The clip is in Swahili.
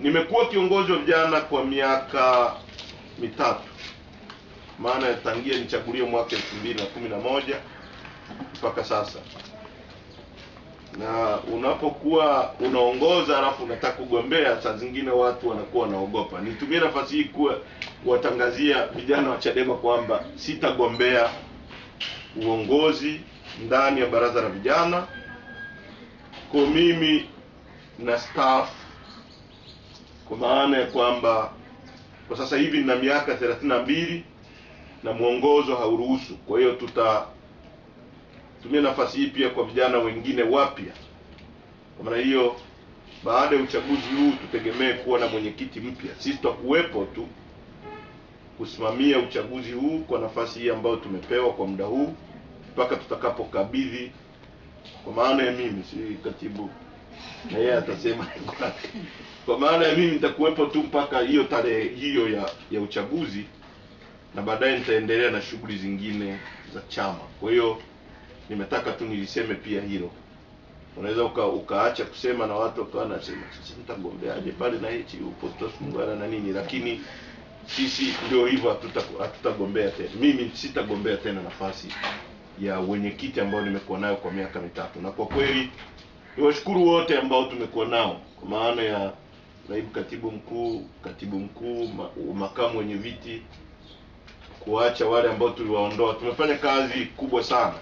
Nimekuwa kiongozi wa vijana kwa miaka mitatu, maana tangia nichaguliwe mwaka elfu mbili na kumi na moja mpaka sasa. Na unapokuwa unaongoza alafu unataka kugombea, saa zingine watu wanakuwa wanaogopa. Nitumie nafasi hii kuwa kuwatangazia vijana wa Chadema kwamba sitagombea uongozi ndani ya baraza la vijana, kwa mimi na staff kwa maana ya kwamba kwa sasa hivi nina miaka thelathini na mbili na mwongozo hauruhusu. Kwa hiyo tutatumia nafasi hii pia kwa vijana wengine wapya. Kwa maana hiyo, baada ya uchaguzi huu tutegemee kuwa na mwenyekiti mpya. Sisi tutakuwepo tu kusimamia uchaguzi huu kwa nafasi hii ambayo tumepewa kwa muda huu mpaka tutakapokabidhi, kwa maana ya mimi si katibu na yeye atasema kwa maana ya mimi nitakuwepo tu mpaka hiyo tarehe hiyo ya, ya uchaguzi na baadaye nitaendelea na shughuli zingine za chama. Kwa hiyo nimetaka tu niliseme pia hilo. Unaweza uka, ukaacha kusema na watu wakawa nasema sisi mtagombeaje pale na hichi upo tutasungana na nini, lakini sisi ndio hivyo, hatutagombea tena. Mimi sitagombea tena nafasi ya wenyekiti ambayo nimekuwa nayo kwa miaka mitatu, na kwa kweli Niwashukuru wote ambao tumekuwa nao kwa maana ya naibu katibu mkuu, katibu mkuu, makamu wenye viti, kuacha wale ambao tuliwaondoa. Tumefanya kazi kubwa sana.